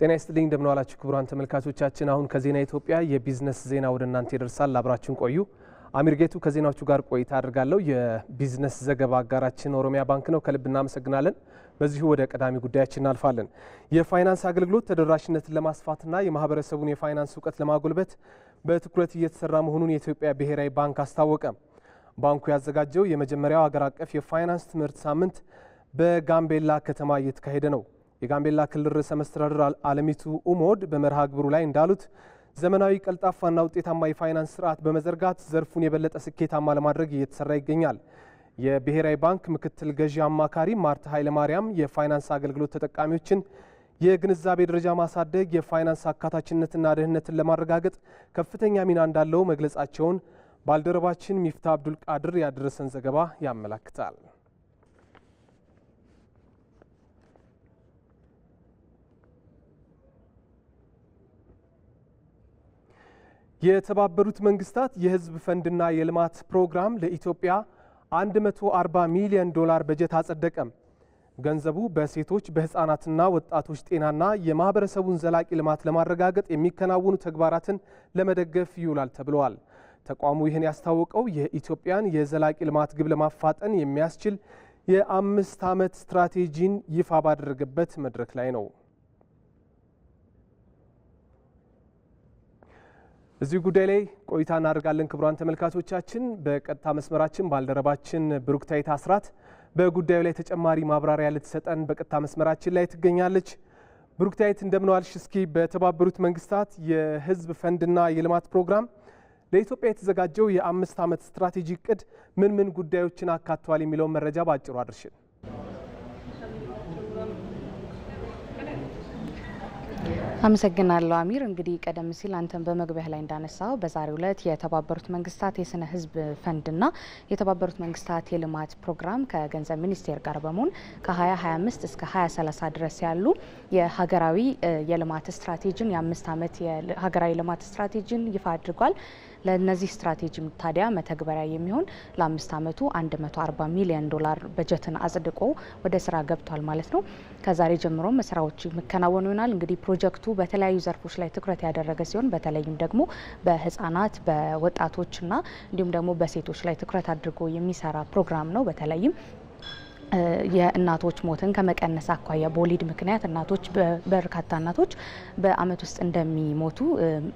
ጤና ይስጥልኝ እንደምን ዋላችሁ ክቡራን ተመልካቾቻችን። አሁን ከዜና ኢትዮጵያ የቢዝነስ ዜና ወደ እናንተ ይደርሳል። አብራችሁን ቆዩ። አሚር ጌቱ ከዜናዎቹ ጋር ቆይታ አድርጋለሁ። የቢዝነስ ዘገባ አጋራችን ኦሮሚያ ባንክ ነው። ከልብ እናመሰግናለን። በዚሁ ወደ ቀዳሚ ጉዳያችን እናልፋለን። የፋይናንስ አገልግሎት ተደራሽነትን ለማስፋትና የማህበረሰቡን የፋይናንስ እውቀት ለማጎልበት በትኩረት እየተሰራ መሆኑን የኢትዮጵያ ብሔራዊ ባንክ አስታወቀ። ባንኩ ያዘጋጀው የመጀመሪያው ሀገር አቀፍ የፋይናንስ ትምህርት ሳምንት በጋምቤላ ከተማ እየተካሄደ ነው። የጋምቤላ ክልል ርዕሰ መስተዳድር አለሚቱ ኡሞድ በመርሃ ግብሩ ላይ እንዳሉት ዘመናዊ ቀልጣፋና ውጤታማ የፋይናንስ ስርዓት በመዘርጋት ዘርፉን የበለጠ ስኬታማ ለማድረግ እየተሰራ ይገኛል። የብሔራዊ ባንክ ምክትል ገዢ አማካሪ ኃይለ ማርያም የፋይናንስ አገልግሎት ተጠቃሚዎችን የግንዛቤ ደረጃ ማሳደግ የፋይናንስ አካታችነትና ደህንነትን ለማረጋገጥ ከፍተኛ ሚና እንዳለው መግለጻቸውን ባልደረባችን ሚፍታ አብዱል ቃድር ያደረሰን ዘገባ ያመላክታል። የተባበሩት መንግስታት የሕዝብ ፈንድና የልማት ፕሮግራም ለኢትዮጵያ 140 ሚሊዮን ዶላር በጀት አጸደቀም። ገንዘቡ በሴቶች በህፃናትና ወጣቶች ጤናና የማህበረሰቡን ዘላቂ ልማት ለማረጋገጥ የሚከናወኑ ተግባራትን ለመደገፍ ይውላል ተብለዋል። ተቋሙ ይህን ያስታወቀው የኢትዮጵያን የዘላቂ ልማት ግብ ለማፋጠን የሚያስችል የአምስት ዓመት ስትራቴጂን ይፋ ባደረገበት መድረክ ላይ ነው። እዚህ ጉዳይ ላይ ቆይታ እናደርጋለን። ክቡራን ተመልካቾቻችን፣ በቀጥታ መስመራችን ባልደረባችን ብሩክታዊት አስራት በጉዳዩ ላይ ተጨማሪ ማብራሪያ ልትሰጠን በቀጥታ መስመራችን ላይ ትገኛለች። ብሩክታይት እንደምን ዋልሽ? እስኪ በተባበሩት መንግስታት የህዝብ ፈንድና የልማት ፕሮግራም ለኢትዮጵያ የተዘጋጀው የአምስት ዓመት ስትራቴጂ እቅድ ምን ምን ጉዳዮችን አካቷል የሚለውን መረጃ በአጭሩ አድርሽን። አመሰግናለሁ አሚር። እንግዲህ ቀደም ሲል አንተን በመግቢያ ላይ እንዳነሳው በዛሬው ዕለት የተባበሩት መንግስታት የስነ ህዝብ ፈንድና የተባበሩት መንግስታት የልማት ፕሮግራም ከገንዘብ ሚኒስቴር ጋር በመሆን ከ2025 እስከ 2030 ድረስ ያሉ የሀገራዊ የልማት ስትራቴጂን የአምስት ዓመት ሀገራዊ ልማት ስትራቴጂን ይፋ አድርጓል። ለእነዚህ ስትራቴጂም ታዲያ መተግበሪያ የሚሆን ለአምስት ዓመቱ 140 ሚሊዮን ዶላር በጀትን አጽድቆ ወደ ስራ ገብቷል ማለት ነው። ከዛሬ ጀምሮም ስራዎች የሚከናወኑ ይሆናል። እንግዲህ ፕሮጀክቱ በተለያዩ ዘርፎች ላይ ትኩረት ያደረገ ሲሆን በተለይም ደግሞ በህጻናት በወጣቶችና እንዲሁም ደግሞ በሴቶች ላይ ትኩረት አድርጎ የሚሰራ ፕሮግራም ነው። በተለይም የእናቶች ሞትን ከመቀነስ አኳያ በወሊድ ምክንያት እናቶች በርካታ እናቶች በአመት ውስጥ እንደሚሞቱ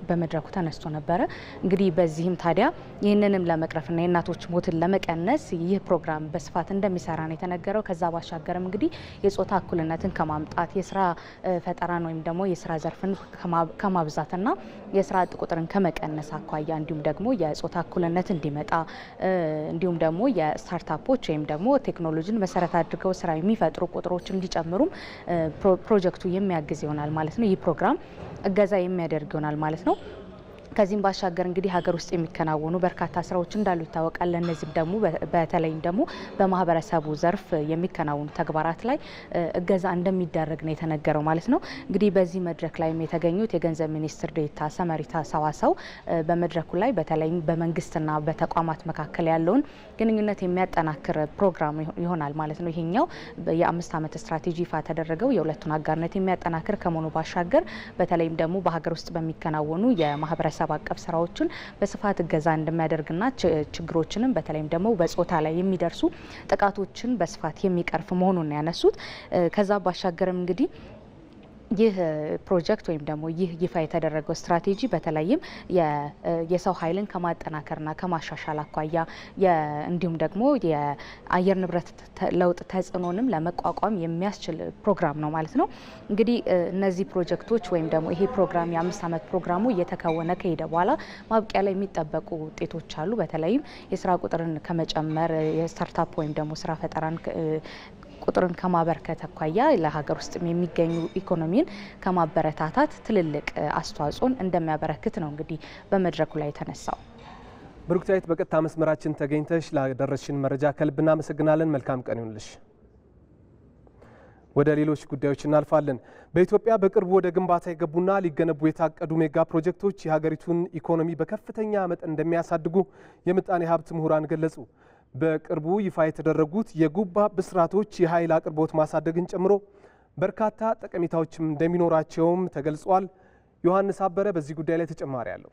በመድረኩ ተነስቶ ነበረ። እንግዲህ በዚህም ታዲያ ይህንንም ለመቅረፍና የእናቶች ሞትን ለመቀነስ ይህ ፕሮግራም በስፋት እንደሚሰራ ነው የተነገረው። ከዛ ባሻገርም እንግዲህ የጾታ እኩልነትን ከማምጣት የስራ ፈጠራን ወይም ደግሞ የስራ ዘርፍን ከማብዛትና የስራ አጥ ቁጥርን ከመቀነስ አኳያ እንዲሁም ደግሞ የጾታ እኩልነት እንዲመጣ እንዲሁም ደግሞ የስታርታፖች ወይም ደግሞ ቴክኖሎጂን መሰረ መሰረት አድርገው ስራ የሚፈጥሩ ቁጥሮች እንዲጨምሩም ፕሮጀክቱ የሚያግዝ ይሆናል ማለት ነው። ይህ ፕሮግራም እገዛ የሚያደርግ ይሆናል ማለት ነው። ከዚህም ባሻገር እንግዲህ ሀገር ውስጥ የሚከናወኑ በርካታ ስራዎች እንዳሉ ይታወቃል። ለእነዚህም ደግሞ በተለይም ደግሞ በማህበረሰቡ ዘርፍ የሚከናወኑ ተግባራት ላይ እገዛ እንደሚደረግ ነው የተነገረው ማለት ነው። እንግዲህ በዚህ መድረክ ላይም የተገኙት የገንዘብ ሚኒስትር ዴኤታ ሰመሪታ ሰዋሰው በመድረኩ ላይ በተለይም በመንግስትና በተቋማት መካከል ያለውን ግንኙነት የሚያጠናክር ፕሮግራም ይሆናል ማለት ነው። ይሄኛው የአምስት ዓመት ስትራቴጂ ይፋ ተደረገው የሁለቱን አጋርነት የሚያጠናክር ከመሆኑ ባሻገር በተለይም ደግሞ በሀገር ውስጥ በሚከናወኑ የማህበረሰብ ቤተሰብ አቀፍ ስራዎችን በስፋት እገዛ እንደሚያደርግና ችግሮችንም በተለይም ደግሞ በጾታ ላይ የሚደርሱ ጥቃቶችን በስፋት የሚቀርፍ መሆኑን ያነሱት። ከዛ ባሻገርም እንግዲህ ይህ ፕሮጀክት ወይም ደግሞ ይህ ይፋ የተደረገው ስትራቴጂ በተለይም የሰው ኃይልን ከማጠናከርና ከማሻሻል አኳያ እንዲሁም ደግሞ የአየር ንብረት ለውጥ ተጽዕኖንም ለመቋቋም የሚያስችል ፕሮግራም ነው ማለት ነው። እንግዲህ እነዚህ ፕሮጀክቶች ወይም ደግሞ ይሄ ፕሮግራም የአምስት ዓመት ፕሮግራሙ እየተከወነ ከሄደ በኋላ ማብቂያ ላይ የሚጠበቁ ውጤቶች አሉ። በተለይም የስራ ቁጥርን ከመጨመር የስታርታፕ ወይም ደግሞ ስራ ፈጠራን ቁጥርን ከማበርከት አኳያ ለሀገር ውስጥ የሚገኙ ኢኮኖሚን ከማበረታታት ትልልቅ አስተዋጽኦን እንደሚያበረክት ነው እንግዲህ በመድረኩ ላይ የተነሳው። ብሩክታዊት በቀጥታ መስመራችን ተገኝተሽ ላደረሽን መረጃ ከልብ እናመሰግናለን። መልካም ቀን ይሁንልሽ። ወደ ሌሎች ጉዳዮች እናልፋለን። በኢትዮጵያ በቅርቡ ወደ ግንባታ የገቡና ሊገነቡ የታቀዱ ሜጋ ፕሮጀክቶች የሀገሪቱን ኢኮኖሚ በከፍተኛ መጠን እንደሚያሳድጉ የምጣኔ ሀብት ምሁራን ገለጹ። በቅርቡ ይፋ የተደረጉት የጉባ ብስራቶች የኃይል አቅርቦት ማሳደግን ጨምሮ በርካታ ጠቀሜታዎችም እንደሚኖራቸውም ተገልጿል። ዮሐንስ አበረ በዚህ ጉዳይ ላይ ተጨማሪ አለው።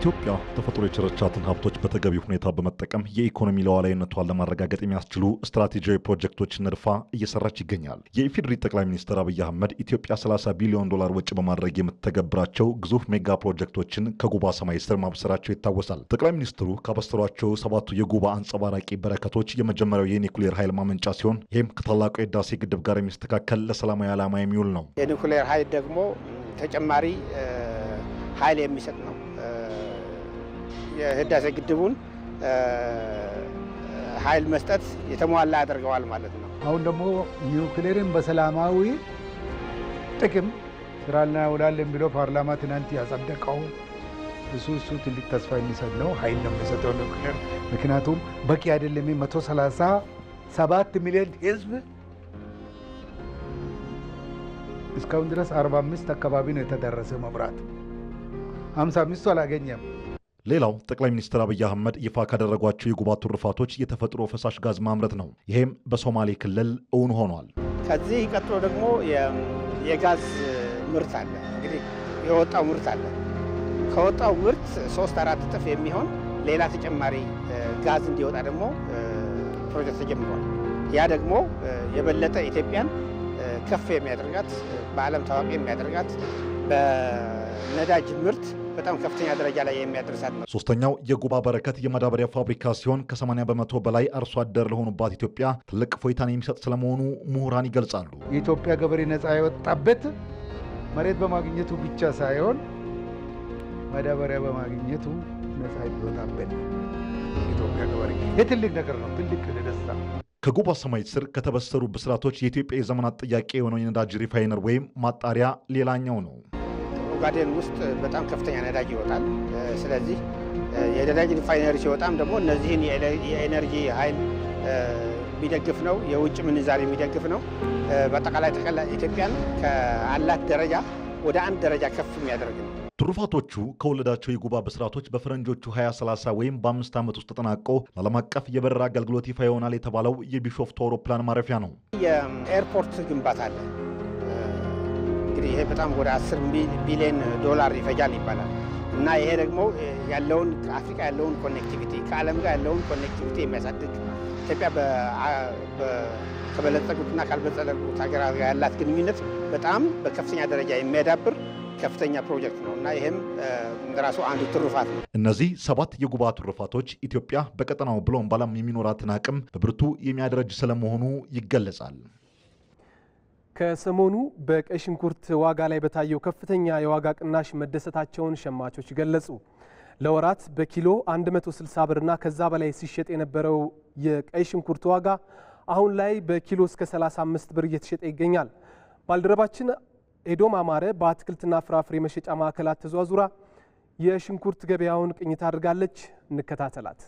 ኢትዮጵያ ተፈጥሮ የቸረቻትን ሀብቶች በተገቢ ሁኔታ በመጠቀም የኢኮኖሚ ለዋላዊነቷን ለማረጋገጥ የሚያስችሉ ስትራቴጂያዊ ፕሮጀክቶችን ነድፋ እየሰራች ይገኛል። የኢፌዴሪ ጠቅላይ ሚኒስትር አብይ አህመድ ኢትዮጵያ 30 ቢሊዮን ዶላር ወጪ በማድረግ የምትተገብራቸው ግዙፍ ሜጋ ፕሮጀክቶችን ከጉባ ሰማይ ስር ማብሰራቸው ይታወሳል። ጠቅላይ ሚኒስትሩ ካበሰሯቸው ሰባቱ የጉባ አንጸባራቂ በረከቶች የመጀመሪያው የኒኩሌር ኃይል ማመንጫ ሲሆን ይህም ከታላቁ የህዳሴ ግድብ ጋር የሚስተካከል ለሰላማዊ ዓላማ የሚውል ነው። የኒኩሌር ኃይል ደግሞ ተጨማሪ ኃይል የሚሰጥ ነው። የህዳሴ ግድቡን ኃይል መስጠት የተሟላ ያደርገዋል ማለት ነው። አሁን ደግሞ ኒውክሌርን በሰላማዊ ጥቅም ስራ እናውላለን የሚለው ፓርላማ ትናንት ያጸደቀው እሱ እሱ ትልቅ ተስፋ የሚሰጥ ነው። ኃይል ነው የሚሰጠው ኒውክሌር። ምክንያቱም በቂ አይደለም። መቶ ሰላሳ ሰባት ሚሊዮን ህዝብ እስካሁን ድረስ 45 አካባቢ ነው የተደረሰ መብራት 55 አላገኘም። ሌላው ጠቅላይ ሚኒስትር አብይ አህመድ ይፋ ካደረጓቸው የጉባ ትሩፋቶች የተፈጥሮ ፈሳሽ ጋዝ ማምረት ነው። ይሄም በሶማሌ ክልል እውን ሆኗል። ከዚህ ቀጥሎ ደግሞ የጋዝ ምርት አለ። እንግዲህ የወጣው ምርት አለ። ከወጣው ምርት ሶስት አራት እጥፍ የሚሆን ሌላ ተጨማሪ ጋዝ እንዲወጣ ደግሞ ፕሮጀክት ተጀምሯል። ያ ደግሞ የበለጠ ኢትዮጵያን ከፍ የሚያደርጋት በዓለም ታዋቂ የሚያደርጋት ነዳጅ ምርት በጣም ከፍተኛ ደረጃ ላይ የሚያደርሳት ነው። ሶስተኛው የጉባ በረከት የማዳበሪያ ፋብሪካ ሲሆን ከ80 በመቶ በላይ አርሶ አደር ለሆኑባት ኢትዮጵያ ትልቅ እፎይታን የሚሰጥ ስለመሆኑ ምሁራን ይገልጻሉ። የኢትዮጵያ ገበሬ ነጻ የወጣበት መሬት በማግኘቱ ብቻ ሳይሆን ማዳበሪያ በማግኘቱ ነጻ ይወጣበት ኢትዮጵያ ገበሬ ትልቅ ነገር ነው። ትልቅ ደስታ ከጉባ ሰማይ ስር ከተበሰሩ ብስራቶች የኢትዮጵያ የዘመናት ጥያቄ የሆነው የነዳጅ ሪፋይነር ወይም ማጣሪያ ሌላኛው ነው። ባዴን ውስጥ በጣም ከፍተኛ ነዳጅ ይወጣል። ስለዚህ የነዳጅ ሪፋይነሪ ሲወጣም ደግሞ እነዚህን የኤነርጂ ኃይል የሚደግፍ ነው፣ የውጭ ምንዛሪ የሚደግፍ ነው። በአጠቃላይ ጠቅላላ ኢትዮጵያን ከአላት ደረጃ ወደ አንድ ደረጃ ከፍ የሚያደርግ ነው። ትሩፋቶቹ ከወለዳቸው የጉባ ብስራቶች በፈረንጆቹ 2030 ወይም በአምስት ዓመት ውስጥ ተጠናቆ ለዓለም አቀፍ የበረራ አገልግሎት ይፋ ይሆናል የተባለው የቢሾፍቱ አውሮፕላን ማረፊያ ነው። የኤርፖርት ግንባታ አለ እንግዲህ ይሄ በጣም ወደ 10 ቢሊዮን ዶላር ይፈጃል ይባላል እና ይሄ ደግሞ ያለውን ከአፍሪካ ያለውን ኮኔክቲቪቲ ከዓለም ጋር ያለውን ኮኔክቲቪቲ የሚያሳድግ ኢትዮጵያ ከበለጸጉትና ካልበለጸጉት ሀገራት ጋር ያላት ግንኙነት በጣም በከፍተኛ ደረጃ የሚያዳብር ከፍተኛ ፕሮጀክት ነው እና ይህም እንደራሱ አንዱ ትሩፋት ነው። እነዚህ ሰባት የጉባ ትሩፋቶች ኢትዮጵያ በቀጠናው ብሎም ባላም የሚኖራትን አቅም በብርቱ የሚያደረጅ ስለመሆኑ ይገለጻል። ከሰሞኑ በቀይ ሽንኩርት ዋጋ ላይ በታየው ከፍተኛ የዋጋ ቅናሽ መደሰታቸውን ሸማቾች ገለጹ። ለወራት በኪሎ 160 ብርና ከዛ በላይ ሲሸጥ የነበረው የቀይ ሽንኩርት ዋጋ አሁን ላይ በኪሎ እስከ 35 ብር እየተሸጠ ይገኛል። ባልደረባችን ኤዶም አማረ በአትክልትና ፍራፍሬ መሸጫ ማዕከላት ተዟዙራ የሽንኩርት ገበያውን ቅኝት አድርጋለች። እንከታተላት።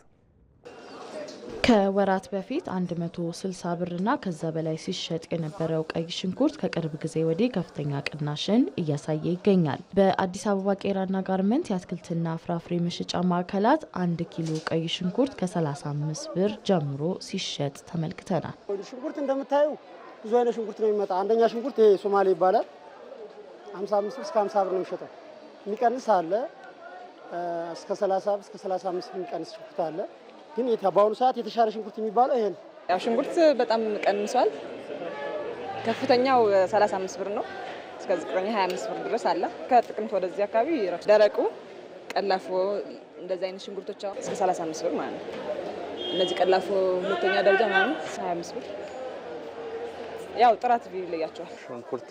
ከወራት በፊት 160 እና ከዛ በላይ ሲሸጥ የነበረው ቀይ ሽንኩርት ከቅርብ ጊዜ ወዲህ ከፍተኛ ቅናሽን እያሳየ ይገኛል። በአዲስ አበባ ቄራና ጋርመንት የአትክልትና ፍራፍሬ መሸጫ ማዕከላት አንድ ኪሎ ቀይ ሽንኩርት ከ35 ብር ጀምሮ ሲሸጥ ተመልክተናል። ሽንኩርት እንደምታዩ ብዙ አይነት ሽንኩርት ነው የሚመጣ። አንደኛ ሽንኩርት ይሄ ሶማሌ ይባላል። 55 ብር እስከ 50 ብር ነው የሚሸጠው። የሚቀንስ አለ እስከ 30 እስከ 35 የሚቀንስ ሽንኩርት አለ ግን በአሁኑ ሰዓት የተሻለ ሽንኩርት የሚባለው ይሄ ነው። ያው ሽንኩርት በጣም ቀንሷል። ከፍተኛው 35 ብር ነው። እስከ ዝቅተኛ 25 ብር ድረስ አለ። ከጥቅምት ወደዚህ አካባቢ ደረቁ፣ ቀላፎ እንደዚህ አይነት ሽንኩርቶች አሁን እስከ 35 ብር ማለት ነው። እነዚህ ቀላፎ ሁለተኛ ደረጃ ማለት 25 ብር ያው ጥራት ይለያቸዋል። ሽንኩርት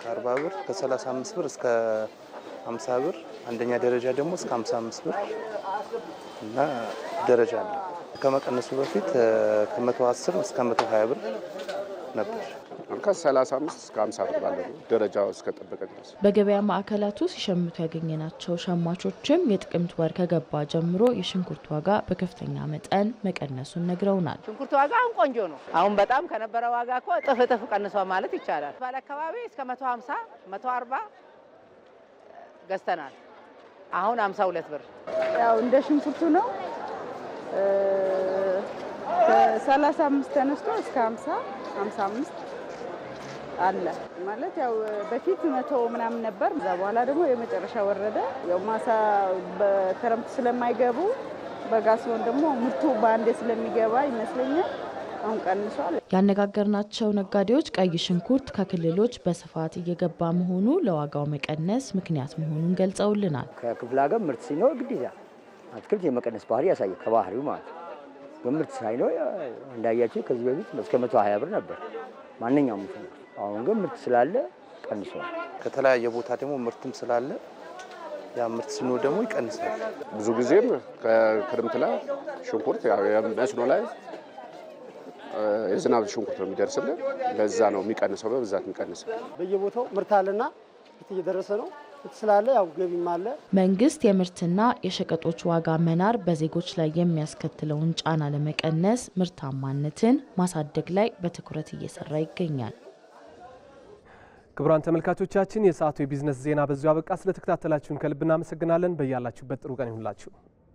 ከ40 ብር ከ35 ብር እስከ 50 ብር አንደኛ ደረጃ ደግሞ እስከ 55 ብር እና ደረጃ አለ። ከመቀነሱ በፊት ከ110 እስከ 120 ብር ነበር። ከ35 እስከ 50 ብር ባለ ደረጃ እስከ ጠበቀ ድረስ በገበያ ማዕከላቱ ሲሸምቱ ያገኘናቸው ሸማቾችም የጥቅምት ወር ከገባ ጀምሮ የሽንኩርት ዋጋ በከፍተኛ መጠን መቀነሱን ነግረውናል። ሽንኩርት ዋጋ አሁን ቆንጆ ነው። አሁን በጣም ከነበረ ዋጋ እኮ እጥፍ እጥፍ ቀንሷ ማለት ይቻላል። ባለ አካባቢ እስከ 150 140 ገዝተናል። አሁን 52 ብር። ያው እንደ ሽንኩርቱ ነው። 35 ተነስቶ እስከ 50 55 አለ ማለት ያው በፊት መቶ ምናምን ነበር። ከዛ በኋላ ደግሞ የመጨረሻ ወረደ። ያው ማሳ በከረምት ስለማይገቡ በጋ ሲሆን ደግሞ ምርቱ በአንዴ ስለሚገባ ይመስለኛል አሁን ቀንሷል። ያነጋገርናቸው ነጋዴዎች ቀይ ሽንኩርት ከክልሎች በስፋት እየገባ መሆኑ ለዋጋው መቀነስ ምክንያት መሆኑን ገልጸውልናል። ከክፍለ ሀገር ምርት ሲኖር ግዴታ አትክልት የመቀነስ ባህሪ ያሳየ ከባህሪው ማለት በምርት ሳይኖር እንዳያቸው ከዚህ በፊት እስከ መቶ ሀያ ብር ነበር ማንኛውም ሽንኩርት። አሁን ግን ምርት ስላለ ቀንሷል። ከተለያየ ቦታ ደግሞ ምርትም ስላለ ያ ምርት ሲኖር ደግሞ ይቀንሳል። ብዙ ጊዜም ከክርምት ላይ ሽንኩርት መስኖ ላይ የዝናብ ሽንኩርት ነው የሚደርስልን። ለዛ ነው የሚቀንሰው በብዛት የሚቀንሰው። በየቦታው ምርት አለና እየደረሰ ነው ስላለ ያው ገቢም አለ። መንግስት የምርትና የሸቀጦች ዋጋ መናር በዜጎች ላይ የሚያስከትለውን ጫና ለመቀነስ ምርታማነትን ማሳደግ ላይ በትኩረት እየሰራ ይገኛል። ክቡራን ተመልካቾቻችን የሰዓቱ የቢዝነስ ዜና በዚሁ አበቃ። ስለተከታተላችሁን ከልብ እናመሰግናለን። በያላችሁበት ጥሩ ቀን ይሁንላችሁ።